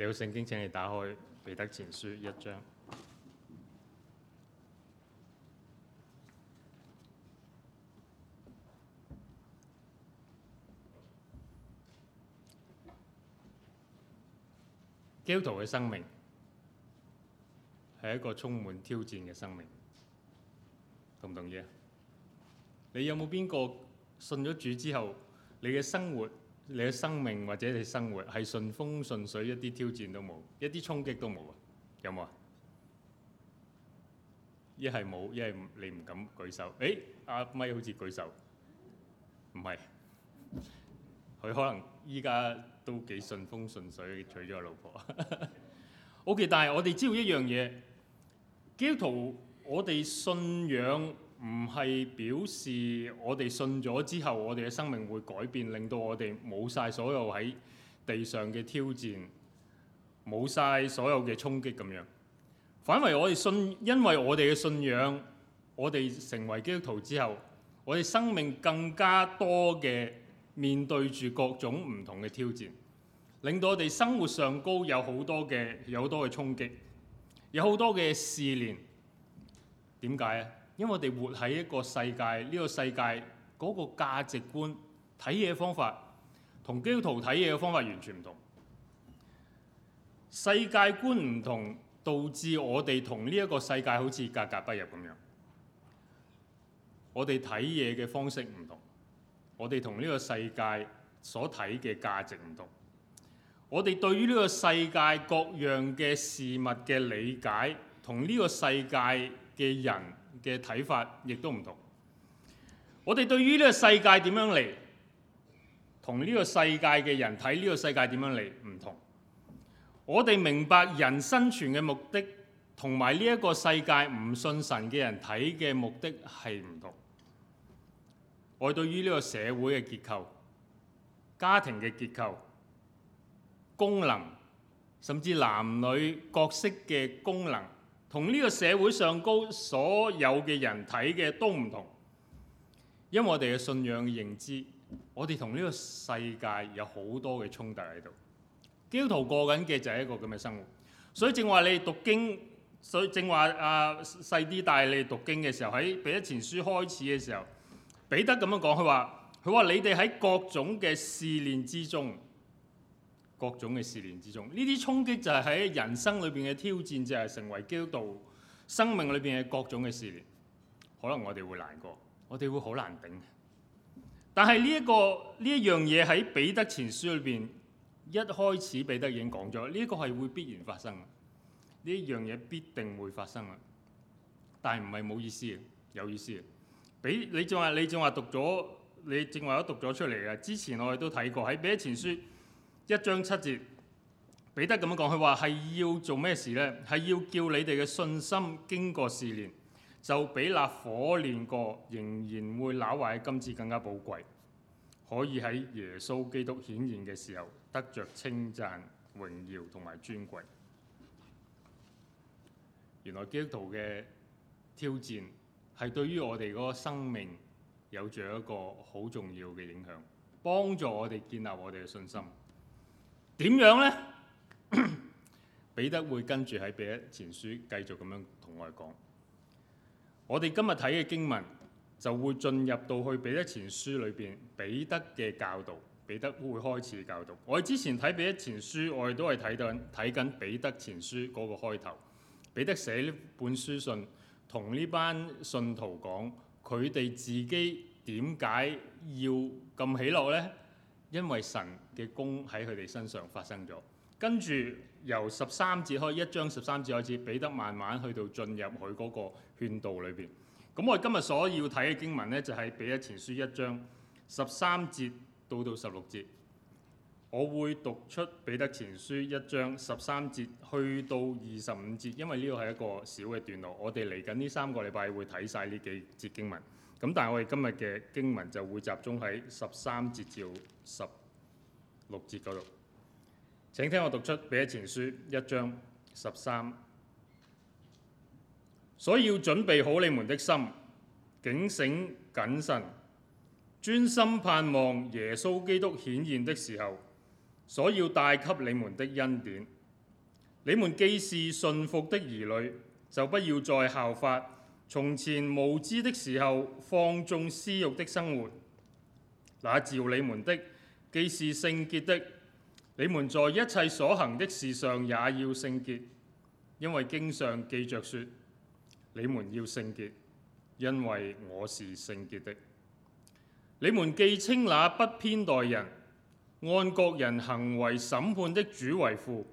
你好，聖經，請你打開彼得前書一章。基督徒嘅生命係一個充滿挑戰嘅生命，同唔同意？你有冇邊個信咗主之後，你嘅生活？你嘅生命或者你生活係順風順水，一啲挑戰都冇，一啲衝擊都冇啊？有冇啊？一係冇，一係你唔敢舉手。誒、欸，阿咪好似舉手，唔係，佢可能依家都幾順，順風順水娶咗個老婆。 OK，但係我哋知道一樣嘢，基督徒我哋信仰。唔係表示我哋信咗之後，我哋嘅生命會改變，令到我哋冇晒所有喺地上嘅挑戰，冇晒所有嘅衝擊咁樣。反為我哋信，因為我哋嘅信仰，我哋成為基督徒之後，我哋生命更加多嘅面對住各種唔同嘅挑戰，令到我哋生活上高有好多嘅有好多嘅衝擊，有好多嘅試煉。點解咧？因為我哋活喺一個世界，呢個世界嗰個價值觀、睇嘢方法，同基督徒睇嘢嘅方法完全唔同。世界觀唔同，導致我哋同呢一個世界好似格格不入咁樣。我哋睇嘢嘅方式唔同，我哋同呢個世界所睇嘅價值唔同，我哋對於呢個世界各樣嘅事物嘅理解，同呢個世界嘅人嘅睇法亦都唔同。我哋對於呢個世界點樣嚟，同呢個世界嘅人睇呢個世界點樣嚟，唔同。我哋明白人生存嘅目的，同埋呢一個世界唔信神嘅人睇嘅目的係唔同。我對於呢個社會嘅結構、家庭嘅結構、功能，甚至男女角色嘅功能。同呢個社會上高所有嘅人睇嘅都唔同，因為我哋嘅信仰嘅認知，我哋同呢個世界有好多嘅衝突喺度。基督徒過緊嘅就係一個咁嘅生活，所以正話你讀經，所以正話阿細啲帶你讀經嘅時候，喺《彼得前書》開始嘅時候，彼得咁樣講，佢話：佢話你哋喺各種嘅試煉之中。各種嘅試煉之中，呢啲衝擊就係喺人生裏邊嘅挑戰，就係、是、成為基督道生命裏邊嘅各種嘅試煉。可能我哋會難過，我哋會好難頂。但係呢一個呢一樣嘢喺彼得前書裏邊，一開始彼得已經講咗，呢、這個係會必然發生嘅，呢樣嘢必定會發生嘅。但係唔係冇意思嘅，有意思嘅。俾你仲話你仲話，讀咗，你仲話都讀咗出嚟嘅。之前我哋都睇過喺彼得前書。一章七節，彼得咁樣講，佢話係要做咩事呢？係要叫你哋嘅信心經過試煉，就比那火煉過，仍然會撈壞嘅金子更加寶貴，可以喺耶穌基督顯現嘅時候得着稱讚、榮耀同埋尊貴。原來基督徒嘅挑戰係對於我哋個生命有著一個好重要嘅影響，幫助我哋建立我哋嘅信心。點樣呢？ 彼得會跟住喺彼得前書繼續咁樣同我哋講。我哋今日睇嘅經文就會進入到去彼得前書裏邊，彼得嘅教導，彼得會開始教導。我哋之前睇彼得前書，我哋都係睇到睇緊彼得前書嗰個開頭。彼得寫呢本書信，同呢班信徒講，佢哋自己點解要咁喜樂呢？因為神嘅功喺佢哋身上發生咗，跟住由十三節開始，一章十三節開始，彼得慢慢去到進入佢嗰個勸導裏邊。咁、嗯、我今日所要睇嘅經文呢，就係、是、彼得前書一章十三節到到十六節。我會讀出彼得前書一章十三節去到二十五節，因為呢個係一個小嘅段落。我哋嚟緊呢三個禮拜會睇晒呢幾節經文。咁但係我哋今日嘅經文就會集中喺十三節至十六節嗰度。請聽我讀出《彼得前書》一章十三。所以要準備好你們的心，警醒謹慎，專心盼望耶穌基督顯現的時候，所以要帶給你們的恩典。你們既是順服的兒女，就不要再效法。從前無知的時候，放縱私欲的生活，那召你們的，既是聖潔的，你們在一切所行的事上也要聖潔，因為經上記着說：你們要聖潔，因為我是聖潔的。你們既稱那不偏待人、按各人行為審判的主為父，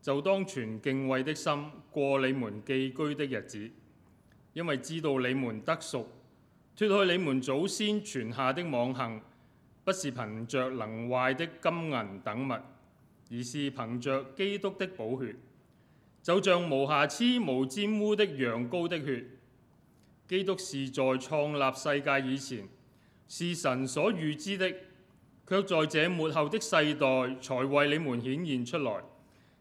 就當存敬畏的心過你們寄居的日子。因為知道你們得贖，脫去你們祖先傳下的妄行，不是憑着能壞的金銀等物，而是憑着基督的寶血，就像無瑕疵無沾污的羊羔的血。基督是在創立世界以前，是神所預知的，卻在這末後的世代才為你們顯現出來。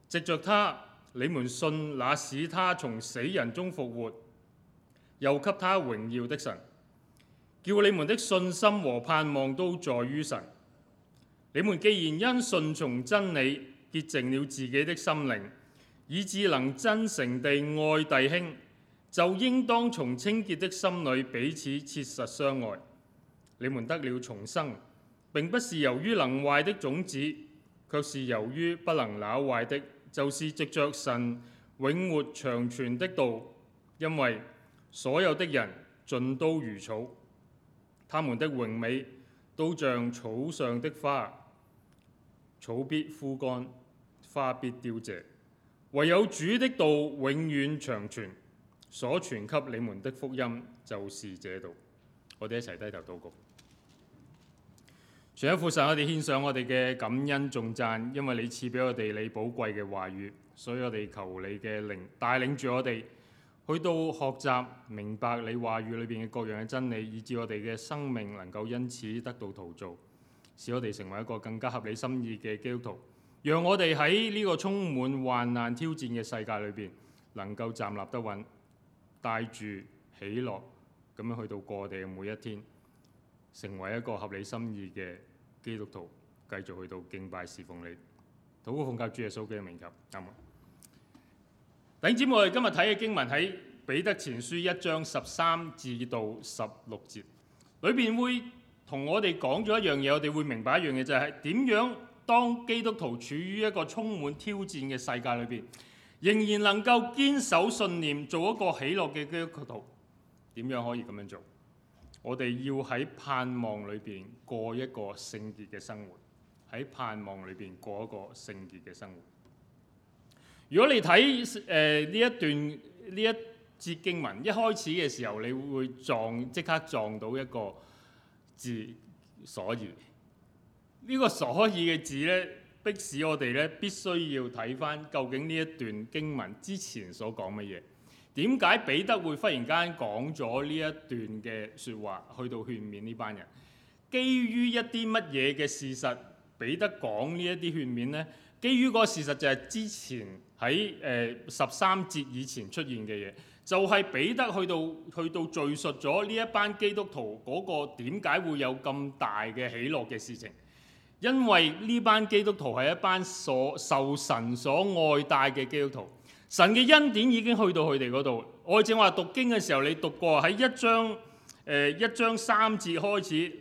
藉着他，你們信那使他從死人中復活。又給他榮耀的神，叫你們的信心和盼望都在於神。你們既然因信從真理潔淨了自己的心靈，以致能真誠地愛弟兄，就應當從清潔的心裏彼此切實相愛。你們得了重生，並不是由於能壞的種子，卻是由於不能朽壞的，就是藉著神永活長存的道，因為，所有的人盡都如草，他們的榮美都像草上的花，草必枯乾，花必凋謝。唯有主的道永遠長存，所傳給你們的福音就是這道。我哋一齊低頭禱告，全一父神，我哋獻上我哋嘅感恩頌讚，因為你賜俾我哋你寶貴嘅話語，所以我哋求你嘅靈帶領住我哋。去到學習明白你話語裏邊嘅各樣嘅真理，以致我哋嘅生命能夠因此得到陶造，使我哋成為一個更加合理心意嘅基督徒。讓我哋喺呢個充滿患難挑戰嘅世界裏邊，能夠站立得穩，帶住喜樂咁樣去到過我哋嘅每一天，成為一個合理心意嘅基督徒，繼續去到敬拜侍奉你。禱告奉救主耶穌嘅名，及領尖。我哋今日睇嘅經文喺彼得前書一章十三至到十六節，裏邊會同我哋講咗一樣嘢，我哋會明白一樣嘢就係點樣當基督徒處於一個充滿挑戰嘅世界裏邊，仍然能夠堅守信念，做一個喜樂嘅基督徒，點樣可以咁樣做？我哋要喺盼望裏邊過一個聖潔嘅生活，喺盼望裏邊過一個聖潔嘅生活。如果你睇誒呢一段呢一節經文，一開始嘅時候，你會撞即刻撞到一個字，所以呢，呢個所以嘅字呢迫使我哋呢必須要睇翻究竟呢一段經文之前所講乜嘢。點解彼得會忽然間講咗呢一段嘅説話，去到勸勉呢班人？基於一啲乜嘢嘅事實，彼得講呢一啲勸勉呢？基於個事實就係之前。喺誒十三節以前出現嘅嘢，就係、是、彼得去到去到敘述咗呢一班基督徒嗰個點解會有咁大嘅喜樂嘅事情，因為呢班基督徒係一班所受神所愛戴嘅基督徒，神嘅恩典已經去到佢哋嗰度。愛正我話讀經嘅時候，你讀過喺一章誒、呃、一章三節開始，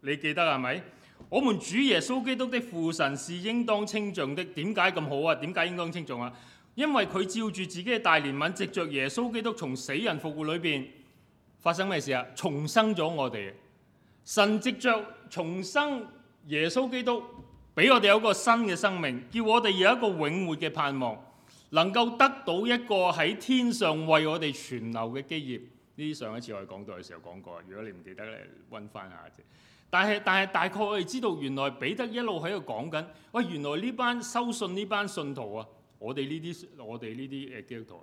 你記得係咪？我們主耶穌基督的父神是應當稱頌的，點解咁好啊？點解應當稱頌啊？因為佢照住自己嘅大憐憫，藉着耶穌基督從死人復活裏邊發生咩事啊？重生咗我哋，神藉着重生耶穌基督，俾我哋有一個新嘅生命，叫我哋有一個永活嘅盼望，能夠得到一個喺天上為我哋存留嘅基業。呢上一次我哋講到嘅時候講過，如果你唔記得咧，溫翻下。但係但係，大概我哋知道，原來彼得一路喺度講緊，喂，原來呢班收信呢班信徒啊，我哋呢啲我哋呢啲誒基督徒，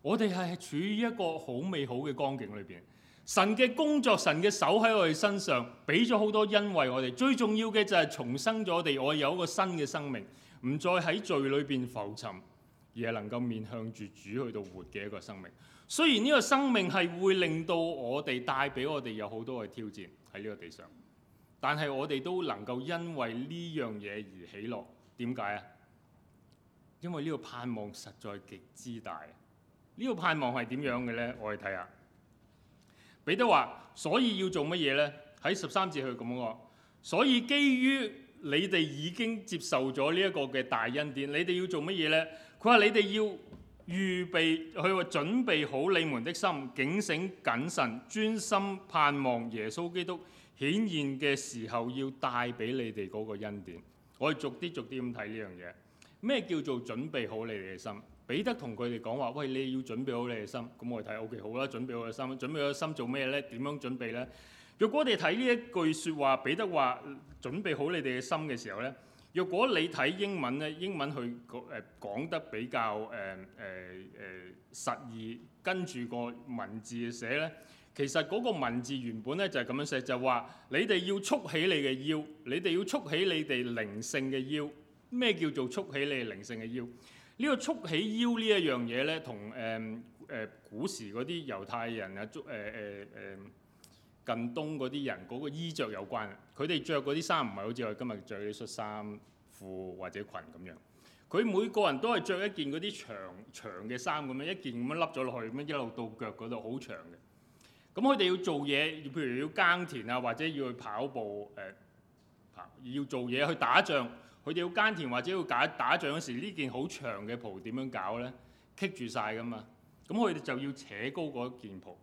我哋係處於一個好美好嘅光景裏邊，神嘅工作，神嘅手喺我哋身上，俾咗好多恩惠我哋。最重要嘅就係重生咗我哋，我有一個新嘅生命，唔再喺罪裏邊浮沉，而係能夠面向住主去到活嘅一個生命。雖然呢個生命係會令到我哋帶俾我哋有好多嘅挑戰喺呢個地上。但係我哋都能夠因為呢樣嘢而喜樂，點解啊？因為呢個盼望實在極之大。呢、這個盼望係點樣嘅呢？我哋睇下。彼得話：所以要做乜嘢呢？喺十三節去咁講。所以基於你哋已經接受咗呢一個嘅大恩典，你哋要做乜嘢呢？佢話：你哋要預備，佢話準備好你們的心，警醒謹慎，專心盼望耶穌基督。顯現嘅時候要帶俾你哋嗰個恩典，我哋逐啲逐啲咁睇呢樣嘢。咩叫做準備好你哋嘅心？彼得同佢哋講話，喂，你要準備好你嘅心。咁我哋睇 O.K. 好啦，準備好嘅心，準備好嘅心做咩呢？點樣準備呢？若果我哋睇呢一句説話，彼得話準備好你哋嘅心嘅時候呢，若果你睇英文呢，英文佢誒講得比較誒誒誒實意，跟住個文字寫呢。其實嗰個文字原本咧就係咁樣寫，就係話你哋要束起你嘅腰，你哋要束起你哋靈性嘅腰。咩叫做束起你哋靈性嘅腰？呢個束起腰呢一樣嘢咧，同誒誒古時嗰啲猶太人啊，誒誒誒近東嗰啲人嗰個衣着有關。佢哋着嗰啲衫唔係好似我今日着啲恤衫褲或者裙咁樣。佢每個人都係着一件嗰啲長長嘅衫咁樣，一件咁樣笠咗落去咁樣一路到腳嗰度好長嘅。咁佢哋要做嘢，譬如要耕田啊，或者要去跑步，誒、呃，要做嘢去打仗，佢哋要耕田或者要打打仗嗰時，呢件好長嘅袍點樣搞呢？棘住晒噶嘛，咁佢哋就要扯高嗰件袍，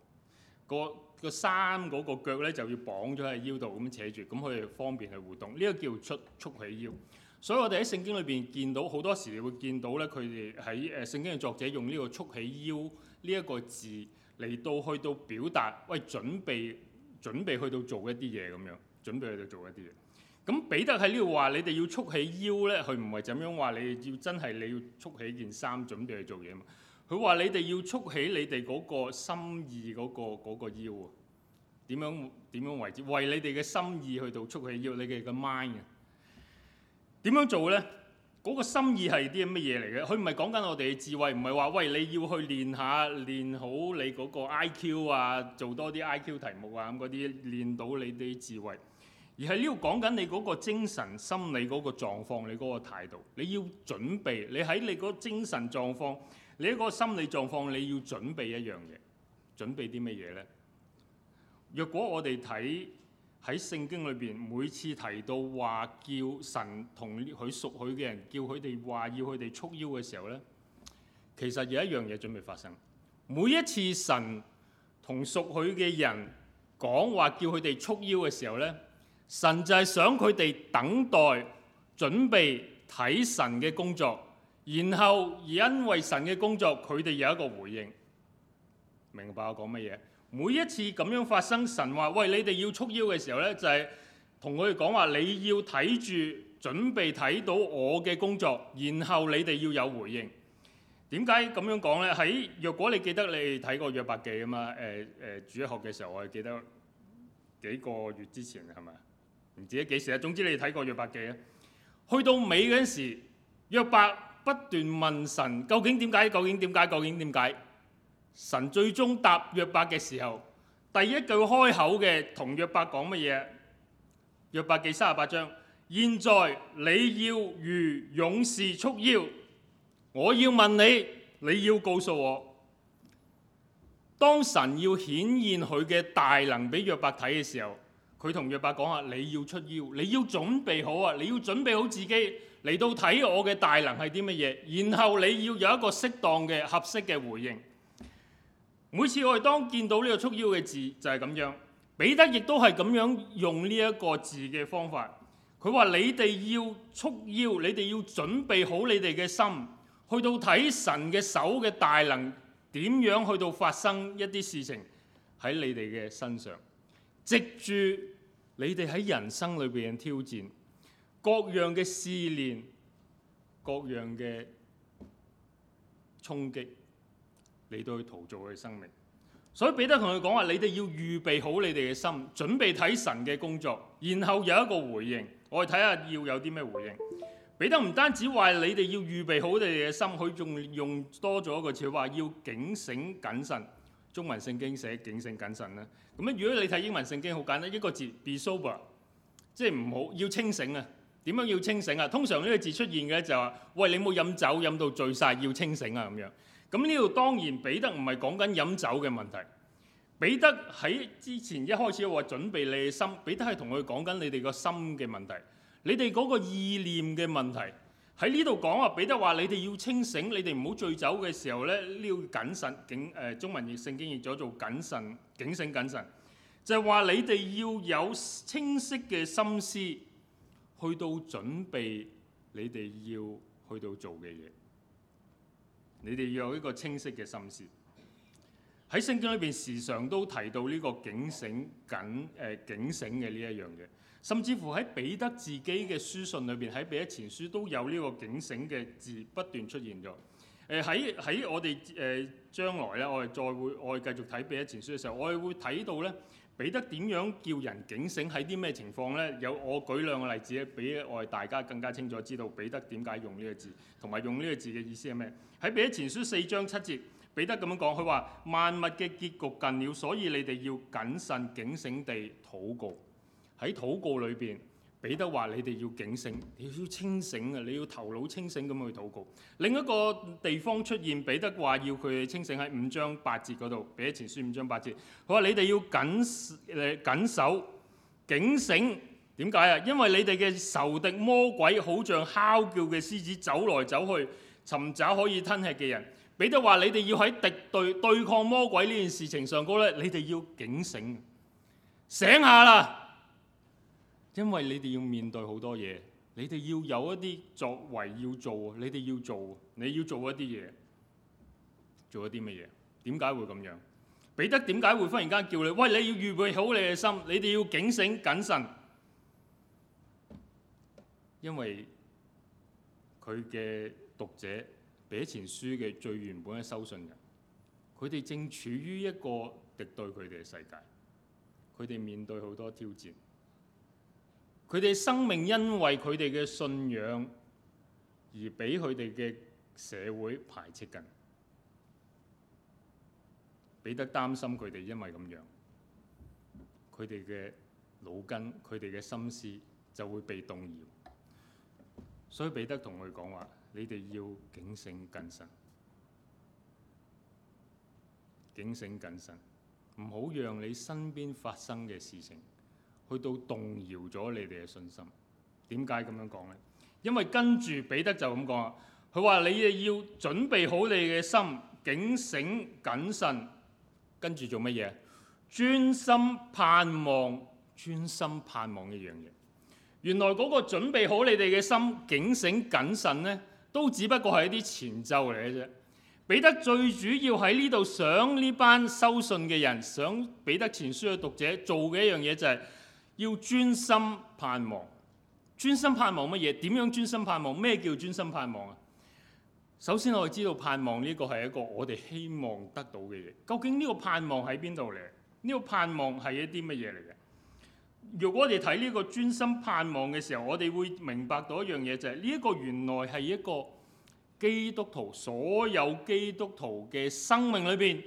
個個衫嗰個腳咧就要綁咗喺腰度咁樣扯住，咁佢哋方便去活動。呢、呢個叫出束起腰。所以我哋喺聖經裏邊見到好多時，會見到呢，佢哋喺誒聖經嘅作者用呢、呢個束起腰呢一個字。嚟到去到表達，喂，準備準備去到做一啲嘢咁樣，準備去到做一啲嘢。咁彼得喺呢度話：你哋要束起腰呢，佢唔係咁樣話你要真係你要束起件衫準備去做嘢嘛？佢話你哋要束起你哋嗰個心意嗰個嗰個腰啊，點樣點樣為之？為你哋嘅心意去到束起腰，你哋嘅 mind 啊，點樣做呢？」嗰個心意係啲乜嘢嚟嘅？佢唔係講緊我哋嘅智慧，唔係話喂你要去練下、練好你嗰個 IQ 啊，做多啲 IQ 題目啊咁嗰啲，練到你啲智慧。而係呢度講緊你嗰個精神心理嗰個狀況，你嗰個態度，你要準備。你喺你嗰精神狀況，你喺嗰個心理狀況，你要準備一樣嘢，準備啲乜嘢呢？若果我哋睇。喺聖經裏邊，每次提到話叫神同佢屬佢嘅人叫佢哋話要佢哋束腰嘅時候呢，其實有一樣嘢準備發生。每一次神同屬佢嘅人講話叫佢哋束腰嘅時候呢，神就係想佢哋等待準備睇神嘅工作，然後而因為神嘅工作，佢哋有一個回應。明白我講乜嘢？每一次咁樣發生神話，喂，你哋要束腰嘅時候呢，就係同佢哋講話，你要睇住，準備睇到我嘅工作，然後你哋要有回應。點解咁樣講呢？喺若果你記得你睇過約伯記啊嘛？誒、呃、誒、呃，主一學嘅時候我係記得幾個月之前係咪？唔知幾時啊？總之你睇過約伯記啊？去到尾嗰陣時，約伯不斷問神：究竟點解？究竟點解？究竟點解？神最終答約伯嘅時候，第一句開口嘅同約伯講乜嘢？約伯記三十八章，現在你要如勇士束腰，我要問你，你要告訴我，當神要顯現佢嘅大能俾約伯睇嘅時候，佢同約伯講啊，你要束腰，你要準備好啊，你要準備好自己嚟到睇我嘅大能係啲乜嘢，然後你要有一個適當嘅合適嘅回應。每次我哋當見到呢個束腰嘅字就係咁樣，彼得亦都係咁樣用呢一個字嘅方法。佢話：你哋要束腰，你哋要準備好你哋嘅心，去到睇神嘅手嘅大能點樣去到發生一啲事情喺你哋嘅身上，藉住你哋喺人生裏邊嘅挑戰，各樣嘅試煉，各樣嘅衝擊。你都去陶造佢嘅生命，所以彼得同佢講話：你哋要預備好你哋嘅心，準備睇神嘅工作，然後有一個回應。我哋睇下要有啲咩回應。 彼得唔單止話你哋要預備好你哋嘅心，佢仲用多咗一個詞，佢話要警醒謹慎。中文聖經寫警醒謹慎啦。咁樣如果你睇英文聖經，好簡單，一個字 be sober，即係唔好，要清醒啊。點樣要清醒啊？通常呢個字出現嘅就係話：喂，你冇飲酒飲到醉晒，要清醒啊咁樣。咁呢度當然彼得唔係講緊飲酒嘅問題，彼得喺之前一開始話準備你嘅心，彼得係同佢講緊你哋個心嘅問題，你哋嗰個意念嘅問題，喺呢度講話彼得話你哋要清醒，你哋唔好醉酒嘅時候咧，呢要謹慎警誒、呃、中文聖經譯咗做謹慎警醒謹，謹慎，就係、是、話你哋要有清晰嘅心思，去到準備你哋要去到做嘅嘢。你哋要有一個清晰嘅心思，喺聖經裏邊時常都提到呢個警醒緊誒、呃、警醒嘅呢一樣嘢，甚至乎喺彼得自己嘅書信裏邊，喺彼得前書都有呢個警醒嘅字不斷出現咗。誒喺喺我哋誒將來咧，我哋再會，我哋繼續睇彼得前書嘅時候，我哋會睇到咧。彼得點樣叫人警醒喺啲咩情況咧？有我舉兩個例子咧，俾我哋大家更加清楚知道彼得點解用呢個字，同埋用呢個字嘅意思係咩？喺彼得前書四章七節，彼得咁樣講，佢話萬物嘅結局近了，所以你哋要謹慎警醒地禱告。喺禱告裏邊。彼得話：你哋要警醒，你要清醒啊，你要頭腦清醒咁去禱告。另一個地方出現彼得話要佢清醒，喺五章八節嗰度，彼得前書五章八節，佢話：你哋要緊誒緊守警醒，點解啊？因為你哋嘅仇敵魔鬼，好像吼叫嘅獅子，走來走去，尋找可以吞吃嘅人。彼得話：你哋要喺敵對對抗魔鬼呢件事情上高咧，你哋要警醒，醒下啦！因為你哋要面對好多嘢，你哋要有一啲作為要做，你哋要做，你要做一啲嘢，做一啲乜嘢？點解會咁樣？彼得點解會忽然間叫你？喂，你要預備好你嘅心，你哋要警醒謹慎，因為佢嘅讀者，彼得前書嘅最原本嘅收信人，佢哋正處於一個敵對佢哋嘅世界，佢哋面對好多挑戰。佢哋生命因為佢哋嘅信仰而俾佢哋嘅社會排斥緊，彼得擔心佢哋因為咁樣，佢哋嘅腦筋，佢哋嘅心思就會被動搖，所以彼得同佢講話：你哋要警醒謹慎，警醒謹慎，唔好讓你身邊發生嘅事情，去到動搖咗你哋嘅信心，點解咁樣講呢？因為跟住彼得就咁講啦，佢話：「你哋要準備好你嘅心，警醒謹慎。」跟住做乜嘢？專心盼望，專心盼望一樣嘢。原來嗰個準備好你哋嘅心，警醒謹慎呢，都只不過係一啲前奏嚟嘅啫。彼得最主要喺呢度想呢班收信嘅人，想彼得前書嘅讀者做嘅一樣嘢就係、是。要專心盼望，專心盼望乜嘢？點樣專心盼望？咩叫專心盼望啊？首先我哋知道盼望呢個係一個我哋希望得到嘅嘢。究竟呢個盼望喺邊度嚟？呢個盼望係一啲乜嘢嚟嘅？如果我哋睇呢個專心盼望嘅時候，我哋會明白到一樣嘢就係呢一個原來係一個基督徒、所有基督徒嘅生命裏邊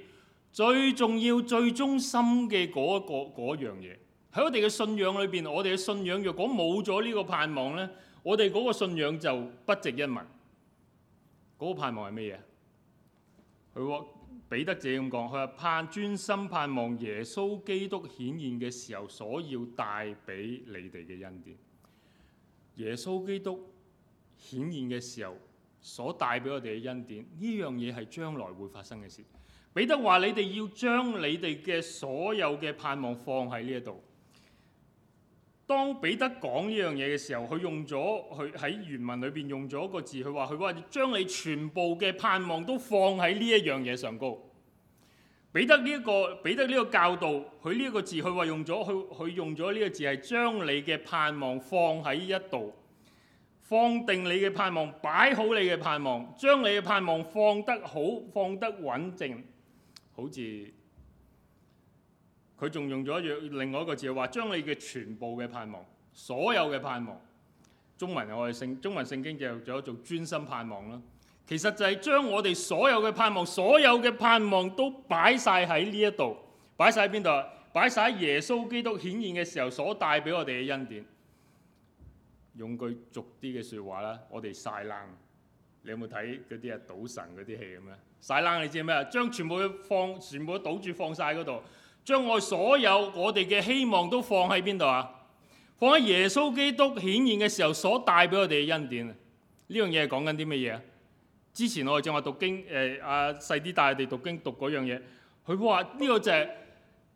最重要、最忠心嘅嗰個嗰樣嘢。喺我哋嘅信仰裏邊，我哋嘅信仰若果冇咗呢個盼望呢，我哋嗰個信仰就不值一文。嗰、那個盼望係乜嘢？佢話彼得自己咁講，佢話盼專心盼望耶穌基督顯現嘅時候所要帶俾你哋嘅恩典。耶穌基督顯現嘅時候所帶俾我哋嘅恩典，呢樣嘢係將來會發生嘅事。彼得話你哋要將你哋嘅所有嘅盼望放喺呢一度。當彼得講呢樣嘢嘅時候，佢用咗佢喺原文裏邊用咗一個字，佢話佢話將你全部嘅盼望都放喺呢一樣嘢上高。彼得呢一個彼得呢個教導，佢呢一個字，佢話用咗佢佢用咗呢個字係將你嘅盼望放喺一度，放定你嘅盼望，擺好你嘅盼望，將你嘅盼望放得好，放得穩靜，好似。佢仲用咗另外一個字，話將你嘅全部嘅盼望，所有嘅盼望，中文我哋聖，中文聖經就用咗做專心盼望啦。其實就係將我哋所有嘅盼望，所有嘅盼望都擺晒喺呢一度，擺晒喺邊度啊？擺晒喺耶穌基督顯現嘅時候所帶俾我哋嘅恩典。用句俗啲嘅説話啦，我哋晒冷。你有冇睇嗰啲啊賭神嗰啲戲咁啊？晒冷你知咩啊？將全部放，全部賭住放晒嗰度。將我所有我哋嘅希望都放喺邊度啊？放喺耶穌基督顯現嘅時候所帶俾我哋嘅恩典啊！呢樣嘢講緊啲乜嘢啊？之前我哋正話讀經，誒阿細啲帶我哋讀經讀嗰樣嘢，佢話呢個就係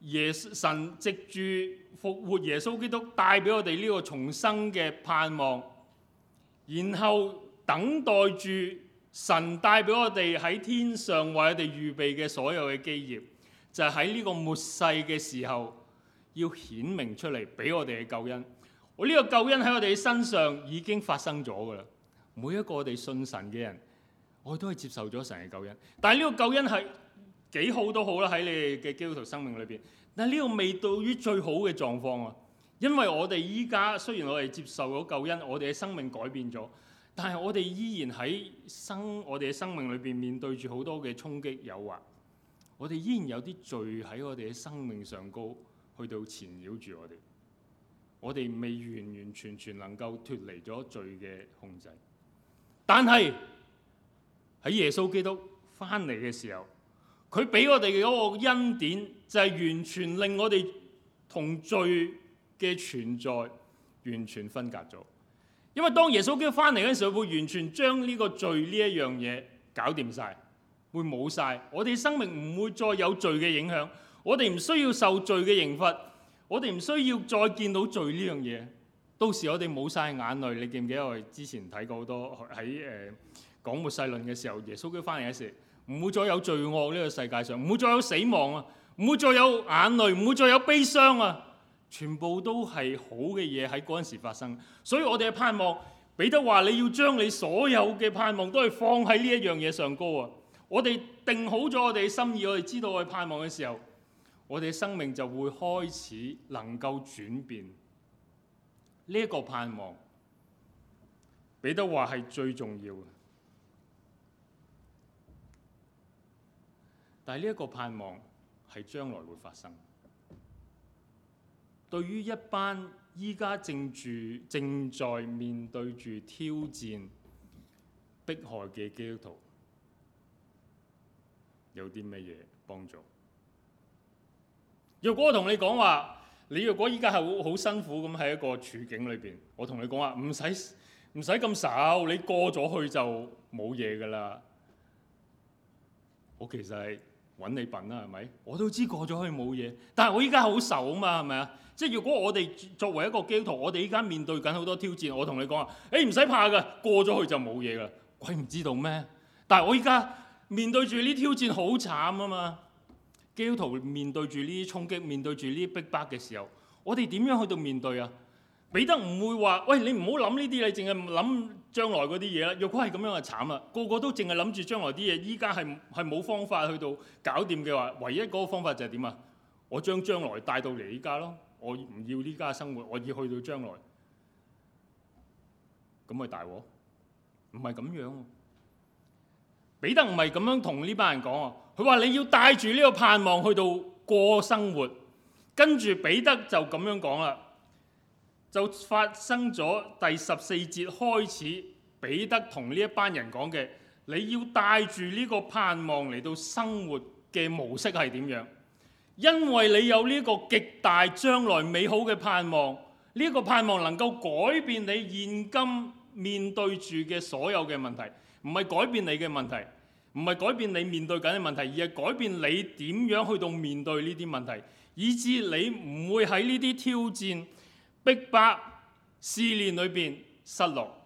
耶神藉住復活耶穌基督帶俾我哋呢個重生嘅盼望，然後等待住神帶俾我哋喺天上為我哋預備嘅所有嘅基業。就喺呢個末世嘅時候，要顯明出嚟俾我哋嘅救恩。我呢個救恩喺我哋身上已經發生咗噶啦。每一個我哋信神嘅人，我都係接受咗神嘅救恩。但係呢個救恩係幾好都好啦，喺你嘅基督徒生命裏邊。但係呢個未到於最好嘅狀況啊，因為我哋依家雖然我哋接受咗救恩，我哋嘅生命改變咗，但係我哋依然喺生我哋嘅生命裏邊面面對住好多嘅衝擊、誘惑。我哋依然有啲罪喺我哋嘅生命上高，去到纏繞住我哋。我哋未完完全全能夠脫離咗罪嘅控制，但係喺耶穌基督翻嚟嘅時候，佢俾我哋嘅嗰個恩典就係完全令我哋同罪嘅存在完全分隔咗。因為當耶穌基督翻嚟嘅時候，會完全將呢個罪呢一樣嘢搞掂晒。會冇晒，我哋生命唔會再有罪嘅影響，我哋唔需要受罪嘅刑罰，我哋唔需要再見到罪呢樣嘢。到時我哋冇晒眼淚。你記唔記得我哋之前睇過好多喺誒、呃、講末世論嘅時候，耶穌基督翻嚟嗰時，唔會再有罪惡呢個世界上，唔會再有死亡啊，唔會再有眼淚，唔會再有悲傷啊，全部都係好嘅嘢喺嗰陣時發生。所以我哋嘅盼望，彼得話你要將你所有嘅盼望都係放喺呢一樣嘢上高啊。我哋定好咗我哋嘅心意，我哋知道我哋盼望嘅時候，我哋生命就會開始能夠轉變。呢一個盼望，彼得話，係最重要嘅。但係呢一個盼望係將來會發生。對於一班依家正住正在面對住挑戰、迫害嘅基督徒。有啲乜嘢幫助？若果我同你講話，你若果依家係好好辛苦咁喺一個處境裏邊，我同你講話唔使唔使咁愁，你過咗去就冇嘢噶啦。我其實係揾你笨啦，係咪？我都知過咗去冇嘢，但係我依家好愁啊嘛，係咪啊？即係如果我哋作為一個基督徒，我哋依家面對緊好多挑戰，我同你講話，誒唔使怕噶，過咗去就冇嘢噶啦，鬼唔知道咩？但係我依家。面對住呢啲挑戰好慘啊嘛！基督徒面對住呢啲衝擊、面對住呢啲逼迫嘅時候，我哋點樣去到面對啊？彼得唔會話：「喂，你唔好諗呢啲，你淨係諗將來嗰啲嘢啦。若果係咁樣，嘅慘啊，個個都淨係諗住將來啲嘢，依家係係冇方法去到搞掂嘅話，唯一嗰個方法就係點啊？我將將來帶到嚟依家咯。我唔要呢家生活，我要去到將來。咁咪大鑊？唔係咁樣啊。彼得唔係咁樣同呢班人講啊。佢話你要帶住呢個盼望去到過生活，跟住彼得就咁樣講啦，就發生咗第十四節開始，彼得同呢一班人講嘅，你要帶住呢個盼望嚟到生活嘅模式係點樣？因為你有呢個極大將來美好嘅盼望，呢個盼望能夠改變你現今面對住嘅所有嘅問題，唔係改變你嘅問題，唔係改變你面對緊嘅問題，而係改變你點樣去到面對呢啲問題，以至你唔會喺呢啲挑戰、逼迫、試煉裏邊失落，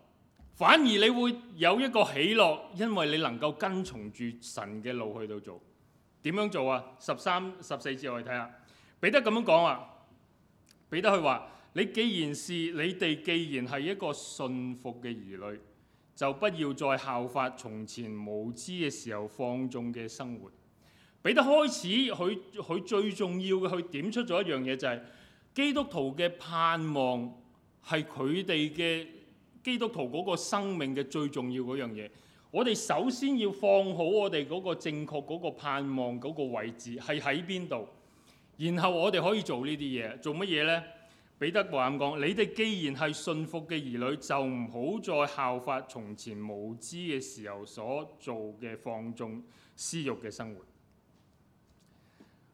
反而你會有一個喜樂，因為你能夠跟從住神嘅路去到做。點樣做啊？十三十四節我哋睇下，彼得咁樣講啊，彼得佢話：你既然是，你哋既然係一個信服嘅兒女。就不要再效法從前無知嘅時候放縱嘅生活。彼得開始，佢佢最重要嘅，佢點出咗一樣嘢，就是，就係基督徒嘅盼望係佢哋嘅基督徒嗰個生命嘅最重要嗰樣嘢。我哋首先要放好我哋嗰個正確嗰個盼望嗰個位置係喺邊度，然後我哋可以做呢啲嘢，做乜嘢咧？彼得話咁講，你哋既然係信服嘅兒女，就唔好再效法從前無知嘅時候所做嘅放縱私欲嘅生活。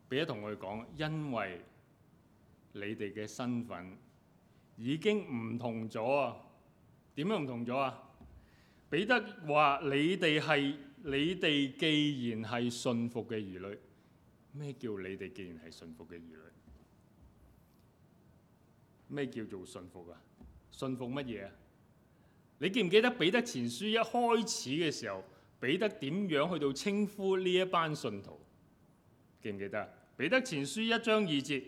彼得同佢講，因為你哋嘅身份已經唔同咗啊！點樣唔同咗啊？彼得話：你哋係，你哋既然係信服嘅兒女，咩叫你哋既然係信服嘅兒女？咩叫做信服啊？信服乜嘢啊？你記唔記得彼得前書一開始嘅時候，彼得點樣去到稱呼呢一班信徒？記唔記得啊？彼得前書一章二節，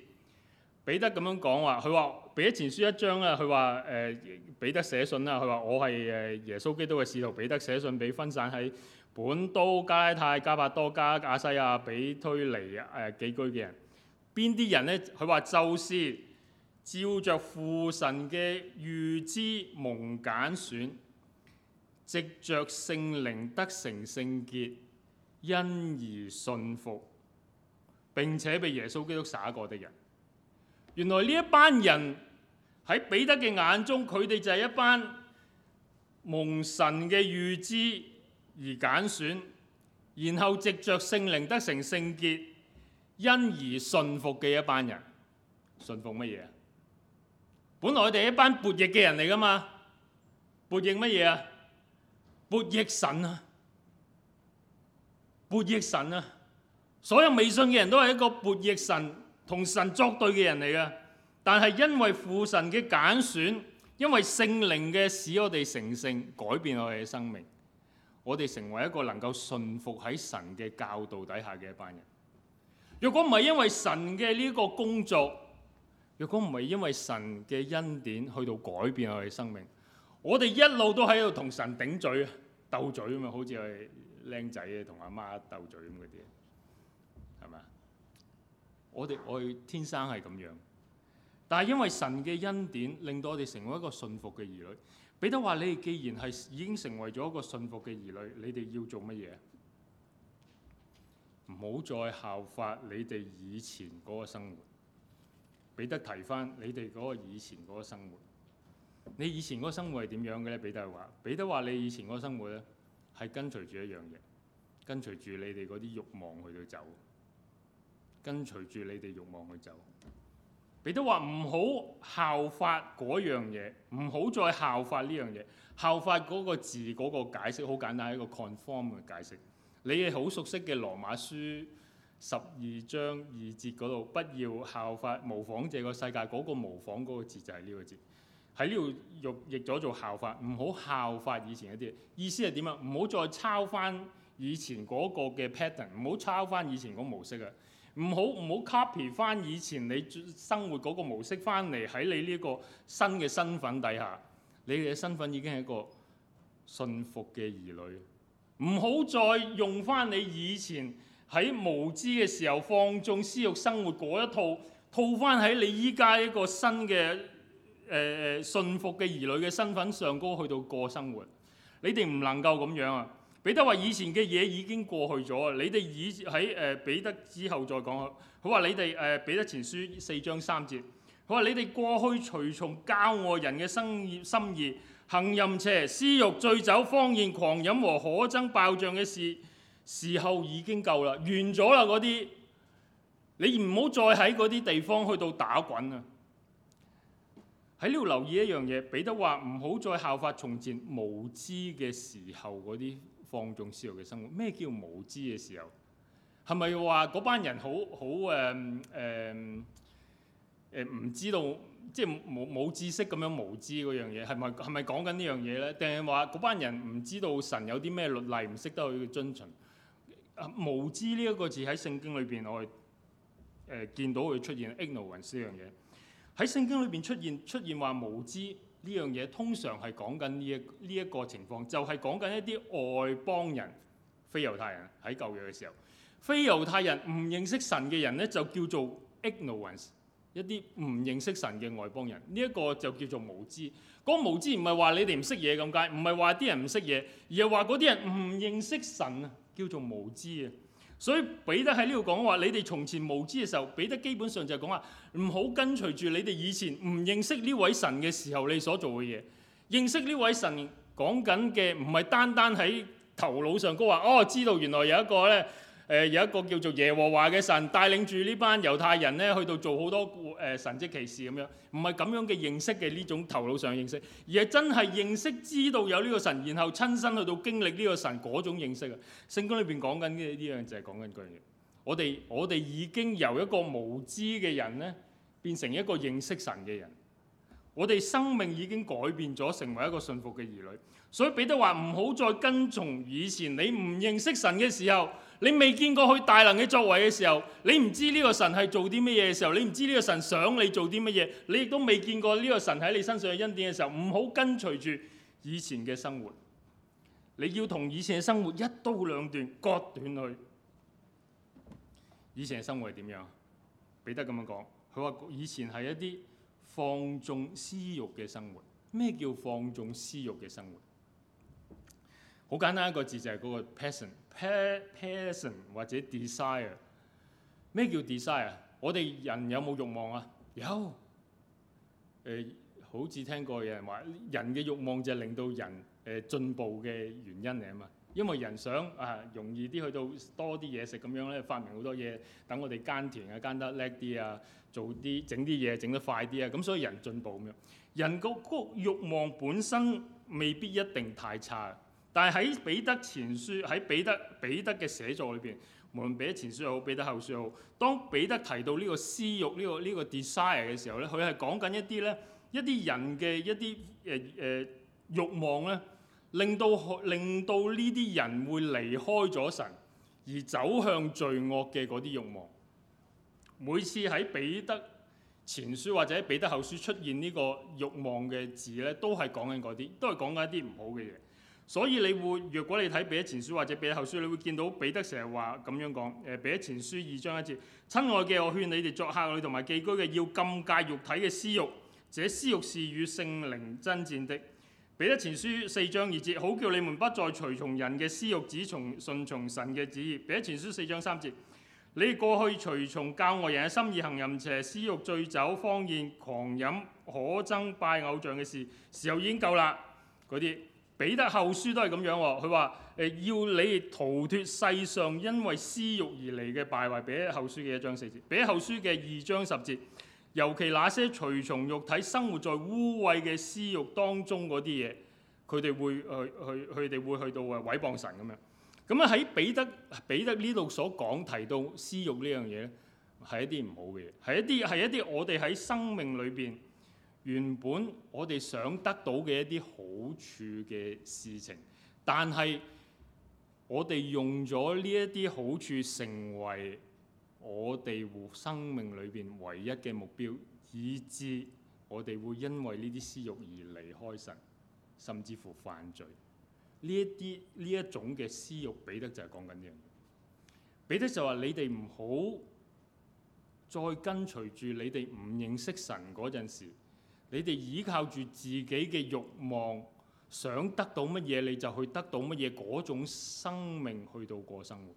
彼得咁樣講話，佢話彼得前書一章啊，佢話誒彼得寫信啊。」佢話我係誒耶穌基督嘅使徒，彼得寫信俾分散喺本都、加拉太、加帕多家、亞西亞、庇推尼誒、呃、寄居嘅人。邊啲人咧？佢話就是。」照着父神嘅預知蒙揀選，藉着聖靈得成聖潔，因而信服並且被耶穌基督耍過的人。原來呢一班人喺彼得嘅眼中，佢哋就係一班蒙神嘅預知而揀選，然後藉着聖靈得成聖潔，因而信服嘅一班人。信服乜嘢啊？本來我哋係一班悖逆嘅人嚟噶嘛？悖逆乜嘢啊？悖逆神啊！悖逆神啊！所有未信嘅人都係一個悖逆神、同神作對嘅人嚟噶。但係因為父神嘅揀選，因為聖靈嘅使我哋成聖、改變我哋嘅生命，我哋成為一個能夠順服喺神嘅教導底下嘅一班人。如果唔係因為神嘅呢個工作，如果唔係因為神嘅恩典去到改變我哋生命，我哋一路都喺度同神頂嘴、鬥嘴啊嘛，好似係僆仔嘅同阿媽鬥嘴咁嗰啲，係咪？我哋我哋天生係咁樣，但係因為神嘅恩典令到我哋成為一個信服嘅兒女，彼得話：你哋既然係已經成為咗一個信服嘅兒女，你哋要做乜嘢？唔好再效法你哋以前嗰個生活。彼得提翻你哋嗰個以前嗰個生活，你以前嗰生活係點樣嘅咧？彼得話：彼得話你以前嗰生活咧，係跟隨住一樣嘢，跟隨住你哋嗰啲慾望去到走，跟隨住你哋慾望去走。彼得話唔好效法嗰樣嘢，唔好再效法呢樣嘢。效法嗰個字嗰個解釋好簡單，係一個 conform 嘅解釋。你哋好熟悉嘅羅馬書。十二章二節嗰度，不要效法模仿這個世界，嗰個模仿嗰個字就係呢個字，喺呢度又譯咗做效法，唔好效法以前一啲，意思係點啊？唔好再抄翻以前嗰個嘅 pattern，唔好抄翻以前嗰模式呀，唔好唔好 copy 翻以前你生活嗰個模式翻嚟，喺你呢個新嘅身份底下，你嘅身份已經係一個信服嘅兒女，唔好再用翻你以前。喺無知嘅時候放縱私慾生活嗰一套，套翻喺你依家一個新嘅誒誒順服嘅兒女嘅身份上高去到過生活，你哋唔能夠咁樣啊！彼得話以前嘅嘢已經過去咗，你哋以喺誒，彼得之後再講佢好話你哋，誒彼得前書四章三節，佢話你哋過去隨從交惡人嘅生意心意，行淫邪、私慾、醉酒、荒宴、狂飲和可憎爆漲嘅事。時候已經夠啦，完咗啦嗰啲，你唔好再喺嗰啲地方去到打滾啊！喺呢度留意一樣嘢，彼得話唔好再效法從前無知嘅時候嗰啲放縱私欲嘅生活。咩叫無知嘅時候？係咪話嗰班人好好誒誒誒唔知道即係冇冇知識咁樣無知嗰樣嘢？係咪係咪講緊呢樣嘢咧？定係話嗰班人唔知道神有啲咩律例，唔識得去遵循，循？啊！無知呢一個字喺聖經裏邊，我、呃、誒見到佢出現 ignorance 呢樣嘢喺聖經裏邊出現出現，話無知呢樣嘢，通常係講緊呢一呢一個情況，就係講緊一啲外邦人、非猶太人喺舊約嘅時候，非猶太人唔認識神嘅人呢，就叫做 ignorance，一啲唔認識神嘅外邦人呢一、這個就叫做無知。嗰個無知唔係話你哋唔識嘢咁解，唔係話啲人唔識嘢，而係話嗰啲人唔認識神啊。叫做無知啊，所以彼得喺呢度講話，你哋從前無知嘅時候，彼得基本上就係講話，唔好跟隨住你哋以前唔認識呢位神嘅時候你所做嘅嘢，認識呢位神講緊嘅唔係單單喺頭腦上高話哦，知道原來有一個咧。誒、呃、有一個叫做耶和華嘅神帶領住呢班猶太人咧，去到做好多誒、呃、神蹟奇事咁樣，唔係咁樣嘅認識嘅呢種頭腦上認識，而係真係認識知道有呢個神，然後親身去到經歷呢個神嗰種認識啊。聖經裏邊講緊嘅呢樣就係講緊嗰樣嘢。我哋我哋已經由一個無知嘅人咧，變成一個認識神嘅人，我哋生命已經改變咗，成為一個信服嘅兒女。所以彼得話唔好再跟從以前你唔認識神嘅時候。你未見過佢大能嘅作為嘅時候，你唔知呢個神係做啲乜嘢嘅時候，你唔知呢個神想你做啲乜嘢，你亦都未見過呢個神喺你身上嘅恩典嘅時候，唔好跟隨住以前嘅生活。你要同以前嘅生活一刀兩斷，割斷佢。以前嘅生活係點樣？彼得咁樣講，佢話以前係一啲放縱私欲嘅生活。咩叫放縱私欲嘅生活？好簡單一個字就係嗰個 passion，passion 或者 desire。咩叫 desire？我哋人有冇欲望啊？有。誒、欸，好似聽過有人話，人嘅欲望就係令到人誒、欸、進步嘅原因嚟啊嘛。因為人想啊容易啲去到多啲嘢食咁樣咧，發明好多嘢，等我哋耕田啊耕，耕得叻啲啊，做啲整啲嘢整得快啲啊，咁所以人進步咁樣。人個、個欲望本身未必一定太差。但係喺彼得前書，喺彼得、彼得嘅寫作裏邊，無論彼得前書好、彼得後書好，當彼得提到呢個私欲，呢個呢個 desire 嘅時候咧，佢係講緊一啲咧、一啲人嘅一啲誒誒慾望咧，令到令到呢啲人會離開咗神而走向罪惡嘅嗰啲慾望。每次喺彼得前書或者彼得後書出現呢個慾望嘅字咧，都係講緊嗰啲，都係講緊一啲唔好嘅嘢。所以你會，若果你睇彼得前書或者彼得後書，你會見到彼得成日話咁樣講。誒，彼得前書二章一節，親愛嘅，我勸你哋作客旅同埋寄居嘅，要禁戒肉體嘅私慾，這私慾是與聖靈爭戰的。彼得前書四章二節，好叫你們不再隨從人嘅私慾，只從順從神嘅旨意。彼得前書四章三節，你過去隨從教外人嘅心意行淫邪，私慾、醉酒、荒宴、狂飲，可憎拜偶像嘅事，時候已經夠啦，嗰啲。彼得後書都係咁樣喎，啊，佢話誒要你逃脫世上因為私欲而嚟嘅敗壞。彼得後書嘅一章四節，彼得後書嘅二章十節，尤其那些隨從肉體生活在污穢嘅私欲當中嗰啲嘢，佢哋會去去佢哋會去到誒毀謗神咁樣。咁啊喺彼得彼得呢度所講提到私欲呢樣嘢咧，係一啲唔好嘅嘢，係一啲係一啲我哋喺生命裏邊。原本我哋想得到嘅一啲好處嘅事情，但係我哋用咗呢一啲好處成為我哋活生命裏邊唯一嘅目標，以致我哋會因為呢啲私欲而離開神，甚至乎犯罪。呢一啲呢一種嘅私欲，彼得就係講緊呢樣嘢。彼得就話：「你哋唔好再跟隨住你哋唔認識神嗰陣時。你哋依靠住自己嘅欲望，想得到乜嘢，你就去得到乜嘢嗰種生命去到過生活。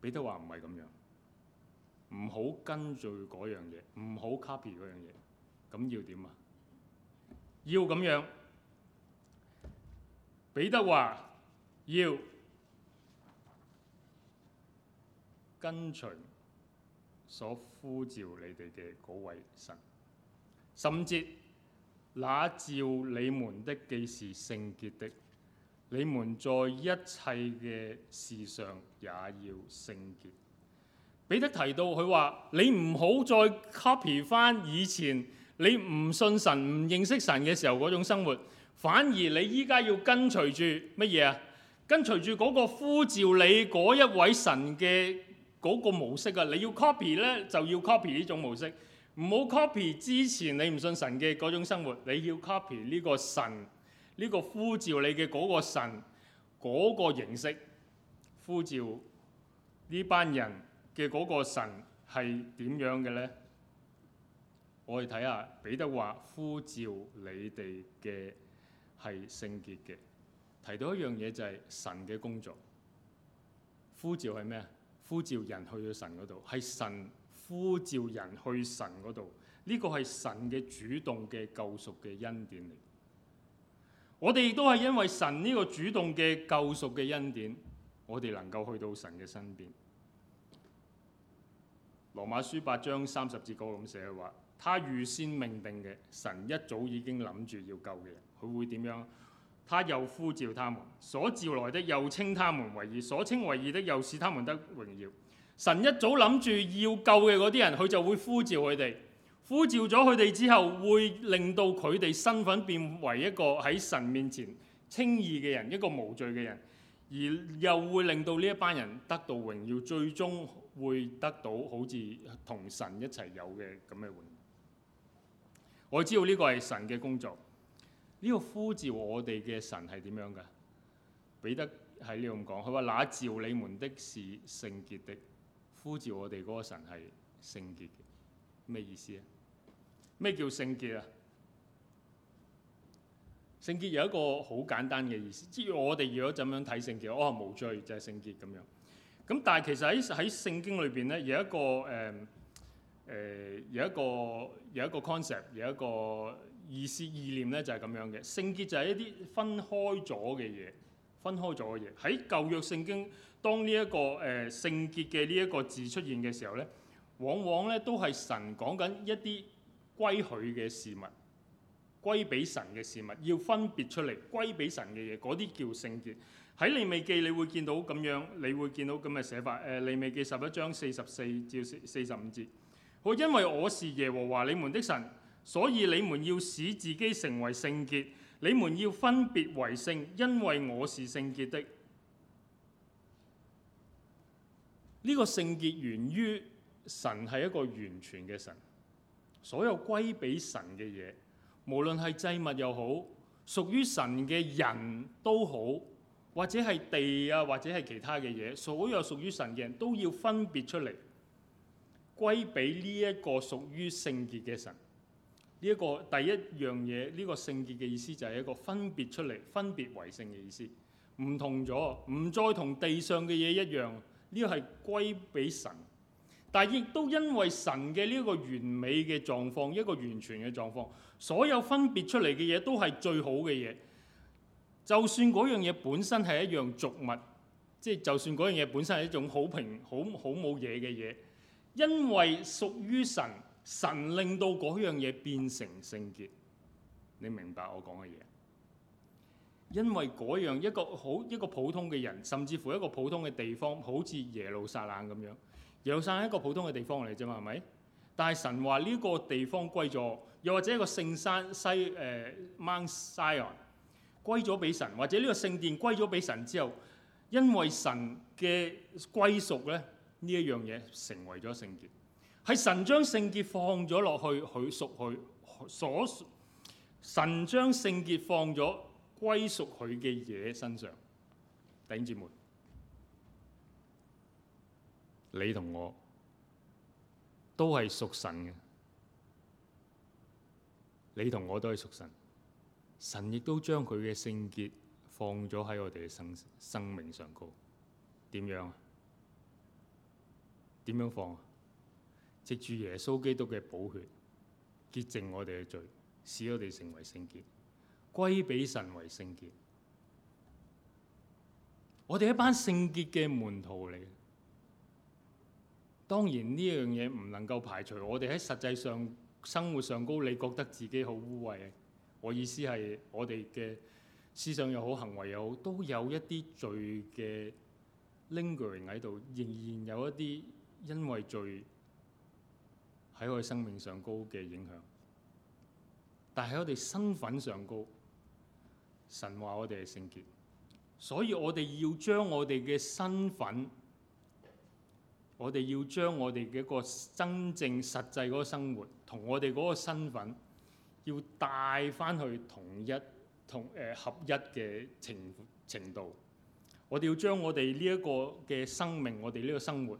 彼得話唔係咁樣，唔好跟住嗰樣嘢，唔好 copy 嗰樣嘢，咁要點啊？要咁樣，彼得話要跟隨所呼召你哋嘅嗰位神。甚至那召你們的既是聖潔的，你們在一切嘅事上也要聖潔。彼得提到佢話，你唔好再 copy 翻以前你唔信神、唔認識神嘅時候嗰種生活，反而你依家要跟隨住乜嘢啊？跟隨住嗰個呼召你嗰一位神嘅嗰個模式啊！你要 copy 咧，就要 copy 呢種模式。唔好 copy 之前你唔信神嘅嗰種生活，你要 copy 呢個神，呢個呼召你嘅嗰個神，嗰個形式呼召呢班人嘅嗰個神係點樣嘅咧？我哋睇下彼得話，呼召你哋嘅係聖潔嘅，提到一樣嘢就係神嘅工作。呼召係咩啊？呼召人去到神嗰度，係神。呼召人去神嗰度，呢個係神嘅主動嘅救贖嘅恩典嚟。我哋亦都係因為神呢個主動嘅救贖嘅恩典，我哋能夠去到神嘅身邊。羅馬書八章三十節嗰個咁寫嘅話，他預先命定嘅，神一早已經諗住要救嘅人，佢會點樣？他又呼召他們，所召來的又稱他們為義，所稱為義的又使他們得榮耀。神一早諗住要救嘅嗰啲人，佢就會呼召佢哋。呼召咗佢哋之後，會令到佢哋身份變為一個喺神面前稱義嘅人，一個無罪嘅人，而又會令到呢一班人得到榮耀，最終會得到好似同神一齊有嘅咁嘅榮耀。我知道呢個係神嘅工作。呢、呢個呼召我哋嘅神係點樣噶？彼得喺呢度咁講，佢話，那召你們的是，的的是聖潔的。呼召我哋嗰個神係聖潔嘅，咩意思啊？咩叫聖潔啊？聖潔有一個好簡單嘅意思，即係我哋如果咁樣睇聖潔，我、哦、係無罪就係聖潔咁樣。咁但係其實喺喺聖經裏邊咧，有一個誒誒有一個有一個 concept 有一個意思意念咧，就係咁樣嘅。聖潔就係一啲分開咗嘅嘢，分開咗嘅嘢喺舊約聖經。當呢、這、一個誒聖潔嘅呢一個字出現嘅時候呢，往往呢，都係神講緊一啲歸許嘅事物，歸俾神嘅事物，要分別出嚟歸俾神嘅嘢，嗰啲叫聖潔。喺利未記你會見到咁樣，你會見到咁嘅寫法。誒、呃，利未記十一章四十四至四,四十五節，好，因為我是耶和華你們的神，所以你們要使自己成為聖潔，你們要分別為聖，因為我是聖潔的。呢個聖潔源於神，係一個完全嘅神，所有歸俾神嘅嘢，無論係祭物又好，屬於神嘅人都好，或者係地啊，或者係其他嘅嘢，所有屬於神嘅人都要分別出嚟，歸俾呢一個屬於聖潔嘅神。呢一個第一樣嘢，呢個聖潔嘅意思就係一個分別出嚟、分別為聖嘅意思，唔同咗，唔再同地上嘅嘢一樣。呢個係歸俾神，但亦都因為神嘅呢一個完美嘅狀況，一個完全嘅狀況，所有分別出嚟嘅嘢都係最好嘅嘢。就算嗰樣嘢本身係一樣俗物，即係就算嗰樣嘢本身係一種好平好好冇嘢嘅嘢，因為屬於神，神令到嗰樣嘢變成聖潔。你明白我講嘅嘢？因為嗰樣一個好一個普通嘅人，甚至乎一個普通嘅地方，好似耶路撒冷咁樣。耶路撒冷係一個普通嘅地方嚟啫嘛，係咪？但係神話呢個地方歸咗，又或者一個聖山西誒、呃、Mount Sion 歸咗俾神，或者呢個聖殿歸咗俾神之後，因為神嘅歸屬咧，呢一樣嘢成為咗聖潔。係神將聖潔放咗落去，佢屬佢所。神將聖潔放咗，歸屬佢嘅嘢身上，弟兄姊妹，你同我都係屬神嘅，你同我都係屬神，神亦都將佢嘅聖潔放咗喺我哋嘅生生命上高，點樣、啊？點樣放、啊？藉住耶穌基督嘅寶血潔淨我哋嘅罪，使我哋成為聖潔。歸俾神為聖潔，我哋一班聖潔嘅門徒嚟。當然呢樣嘢唔能夠排除我哋喺實際上生活上高，你覺得自己好污穢。我意思係我哋嘅思想又好，行為又好，都有一啲罪嘅 lingering 喺度，仍然有一啲因為罪喺我哋生命上高嘅影響。但係我哋身份上高。神話我哋係聖潔，所以我哋要將我哋嘅身份，我哋要將我哋嘅一個真正實際嗰個生活，同我哋嗰個身份，要帶翻去同一同誒合一嘅程程度。我哋要將我哋呢一個嘅生命，我哋呢個生活，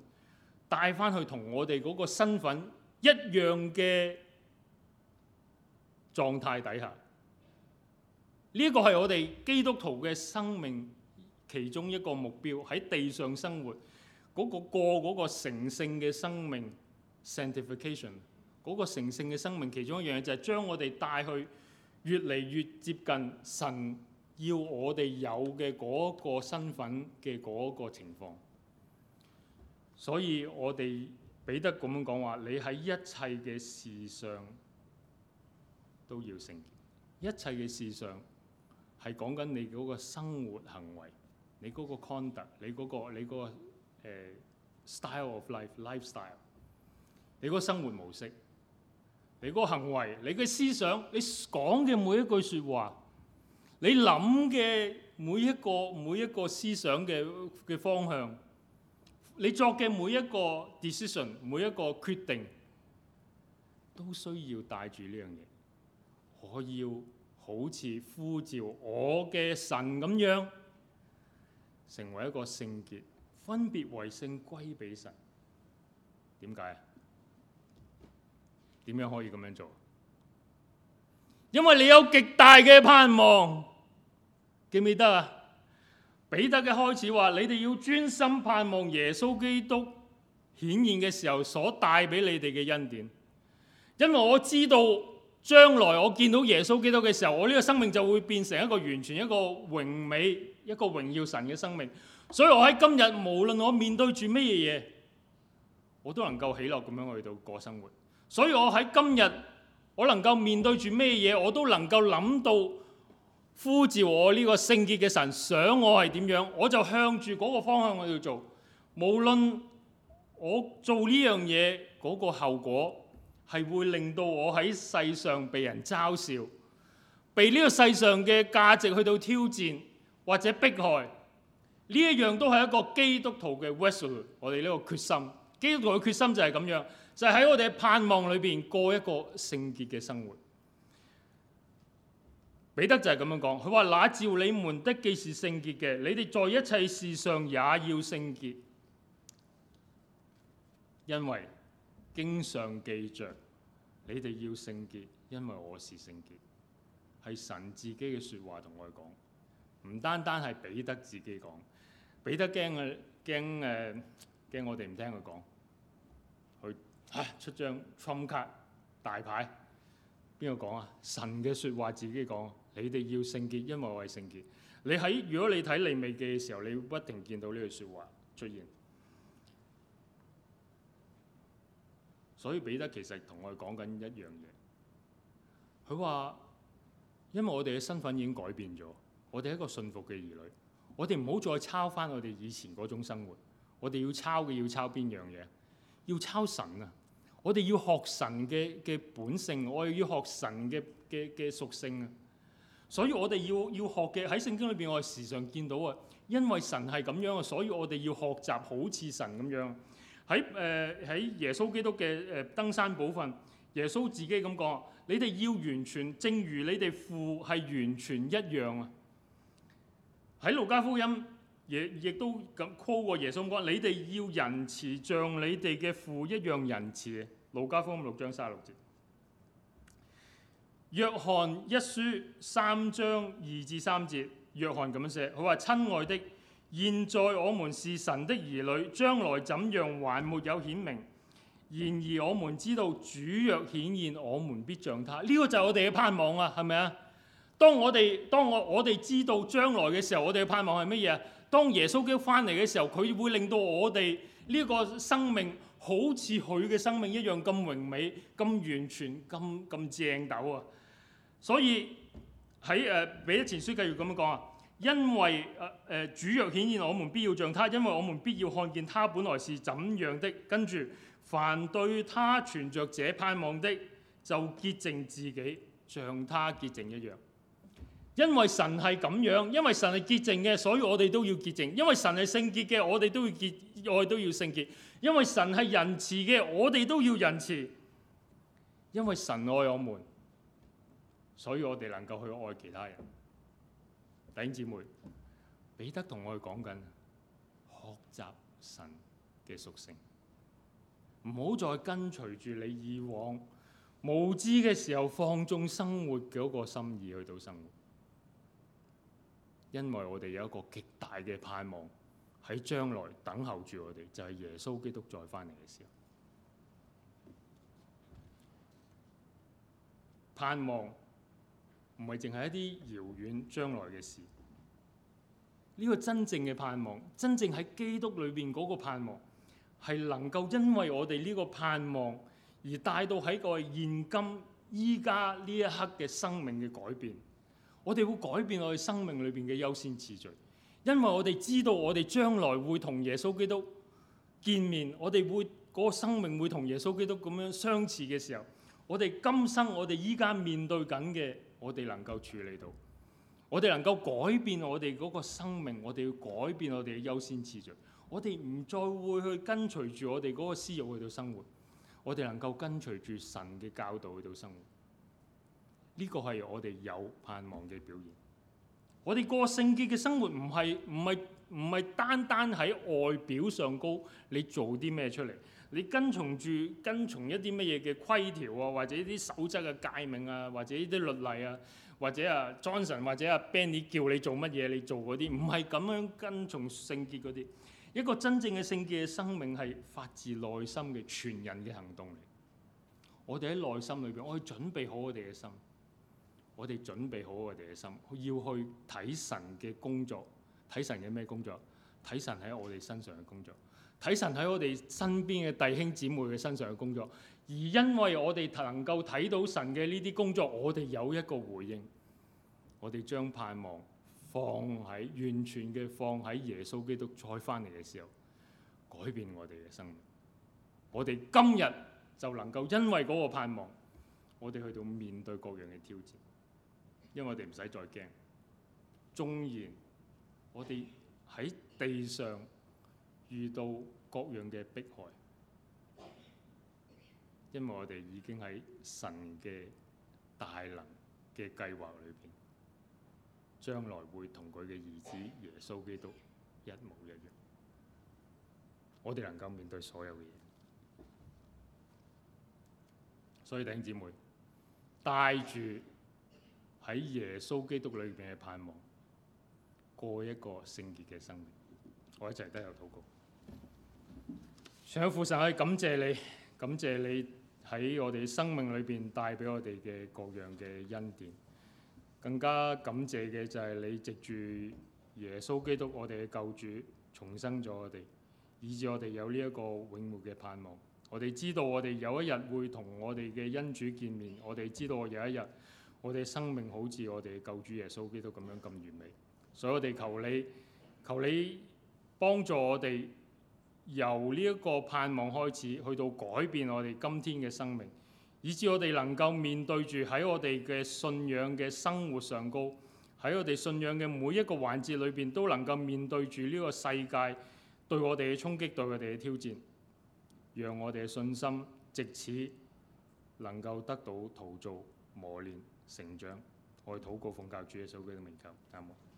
帶翻去同我哋嗰個身份一樣嘅狀態底下。呢一個係我哋基督徒嘅生命其中一個目標，喺地上生活嗰、嗰個過嗰個成聖嘅生命，sanctification 嗰個成聖嘅生命，生命其中一樣嘢就係將我哋帶去越嚟越接近神要我哋有嘅嗰個身份嘅嗰個情況。所以我哋彼得咁樣講話：「你喺一切嘅事上都要聖潔，一切嘅事上。係講緊你嗰個生活行為，你嗰個 conduct，你嗰個你嗰個誒 style of life，lifestyle，你嗰個生活模式，你嗰個行為，你嘅思想，你講嘅每一句説話，你諗嘅每一個每一個思想嘅嘅方向，你作嘅每一個 decision，每一個決定，都需要帶住呢樣嘢。我要。好似呼召我嘅神咁樣，成為一個聖潔，分別為聖歸俾神。點解？點樣可以咁樣做？因為你有極大嘅盼望，記唔記得啊？彼得嘅開始話：你哋要專心盼望耶穌基督顯現嘅時候所帶俾你哋嘅恩典，因為我知道。將來我見到耶穌基督嘅時候，我呢個生命就會變成一個完全一個榮美一個榮耀神嘅生命。所以我喺今日無論我面對住咩嘢嘢，我都能夠喜樂咁樣去到過生活。所以我喺今日我能夠面對住咩嘢，我都能夠諗到呼召我呢個聖潔嘅神，想我係點樣，我就向住嗰個方向我要做。無論我做呢樣嘢嗰個後果，係會令到我喺世上被人嘲笑，被呢個世上嘅價值去到挑戰或者迫害，呢一樣都係一個基督徒嘅 resolve。我哋呢個決心，基督徒嘅決心就係咁樣，就係喺我哋盼望裏邊過一個聖潔嘅生活。彼得就係咁樣講，佢話：那召你們的既是聖潔嘅，你哋在一切事上也要聖潔，因為經上記着，你哋要聖潔，因為我是聖潔。係神自己嘅説話同我講，唔單單係彼得自己講，彼得驚啊，驚誒，驚我哋唔聽佢講，佢嚇出張 trump 卡大牌，邊個講啊？神嘅説話自己講，你哋要聖潔，因為我係聖潔。你喺，如果你睇利未記嘅時候，你不停見到呢句説話出現。所以彼得其實同我哋講緊一樣嘢，佢話：因為我哋嘅身份已經改變咗，我哋係一個信服嘅兒女，我哋唔好再抄翻我哋以前嗰種生活。我哋要抄嘅要抄邊樣嘢？要抄神啊！我哋要學神嘅嘅本性，我哋要學神嘅嘅嘅屬性啊！所以我哋要要學嘅，喺聖經裏邊，我哋時常見到啊，因為神係咁樣啊，所以我哋要學習好似神咁樣。喺誒喺耶穌基督嘅誒登山寶訓，耶穌自己咁講：你哋要完全，正如你哋父係完全一樣啊！喺路加福音，亦亦都咁 call 過耶穌講：你哋要仁慈，像你哋嘅父一樣仁慈嘅。路加福音六章三十六節。約翰一書三章二至三節，約翰咁樣寫，佢話：親愛的。現在我們是神的兒女，將來怎樣還沒有顯明。然而我們知道主若顯現，我們必像他。呢、這個就係我哋嘅盼望啊，係咪啊？當我哋當我我哋知道將來嘅時候，我哋嘅盼望係乜嘢？當耶穌基督翻嚟嘅時候，佢會令到我哋呢個生命好似佢嘅生命一樣咁榮美、咁完全、咁咁正斗啊！所以喺誒彼得前書繼續咁樣講啊。因為誒誒主若顯現，我們必要像他；因為我們必要看見他本來是怎樣的。跟住，凡對他存着這盼望的，就潔淨自己，像他潔淨一樣。因為神係咁樣，因為神係潔淨嘅，所以我哋都要潔淨。因為神係聖潔嘅，我哋都要潔，我哋都要聖潔。因為神係仁慈嘅，我哋都，都要仁慈。因為神愛我們，所以我哋能夠去愛其他人。弟兄姊妹，彼得同我哋講緊學習神嘅屬性，唔好再跟隨住你以往無知嘅時候放縱生活嘅嗰個心意去到生活，因為我哋有一個極大嘅盼望喺將來等候住我哋，就係耶穌基督再翻嚟嘅時候，盼望。唔係淨係一啲遙遠將來嘅事，呢、這個真正嘅盼望，真正喺基督裏邊嗰個盼望，係能夠因為我哋呢個盼望而帶到喺個現今依家呢一刻嘅生命嘅改變。我哋會改變我哋生命裏邊嘅優先次序，因為我哋知道我哋將來會同耶穌基督見面，我哋會嗰、那個生命會同耶穌基督咁樣相似嘅時候，我哋今生我哋依家面對緊嘅。我哋能夠處理到，我哋能夠改變我哋嗰個生命，我哋要改變我哋嘅優先次序，我哋唔再會去跟隨住我哋嗰個私欲去到生活，我哋能夠跟隨住神嘅教導去到生活。呢個係我哋有盼望嘅表現。我哋過聖潔嘅生活唔係唔係唔係單單喺外表上高，你做啲咩出嚟？你跟從住跟從一啲乜嘢嘅規條啊，或者啲守則嘅、啊、誡命啊，或者啲律例啊，或者啊 Johnson 或者啊 Benny 叫你做乜嘢，你做嗰啲，唔係咁樣跟從聖潔嗰啲。一個真正嘅聖潔嘅生命係發自內心嘅全人嘅行動嚟。我哋喺內心裏邊，我哋準備好我哋嘅心，我哋準備好我哋嘅心，要去睇神嘅工作，睇神嘅咩工作？睇神喺我哋身上嘅工作。睇神喺我哋身邊嘅弟兄姊妹嘅身上嘅工作，而因為我哋能夠睇到神嘅呢啲工作，我哋有一個回應，我哋將盼望放喺完全嘅放喺耶穌基督再返嚟嘅時候，改變我哋嘅生命。我哋今日就能夠因為嗰個盼望，我哋去到面對各樣嘅挑戰，因為我哋唔使再驚。縱然我哋喺地上，遇到各樣嘅迫害，因為我哋已經喺神嘅大能嘅計劃裏邊，將來會同佢嘅兒子耶穌基督一模一樣。我哋能夠面對所有嘅嘢，所以弟兄姊妹帶住喺耶穌基督裏邊嘅盼望，過一個聖潔嘅生命。我一齊低頭禱告。上主父神，我感謝你，感謝你喺我哋生命裏邊帶俾我哋嘅各樣嘅恩典。更加感謝嘅就係你藉住耶穌基督我哋嘅救主，重生咗我哋，以至我哋有呢一個永活嘅盼望。我哋知道我哋有一日會同我哋嘅恩主見面。我哋知道我有一日，我哋生命好似我哋嘅救主耶穌基督咁樣咁完美。所以我哋求你，求你幫助我哋。由呢一個盼望開始，去到改變我哋今天嘅生命，以至我哋能夠面對住喺我哋嘅信仰嘅生活上高，喺我哋信仰嘅每一個環節裏邊，都能夠面對住呢個世界對我哋嘅衝擊，對我哋嘅挑戰，讓我哋嘅信心藉此能夠得到陶造、磨練、成長。我哋禱告奉教主嘅聖名，求，阿門。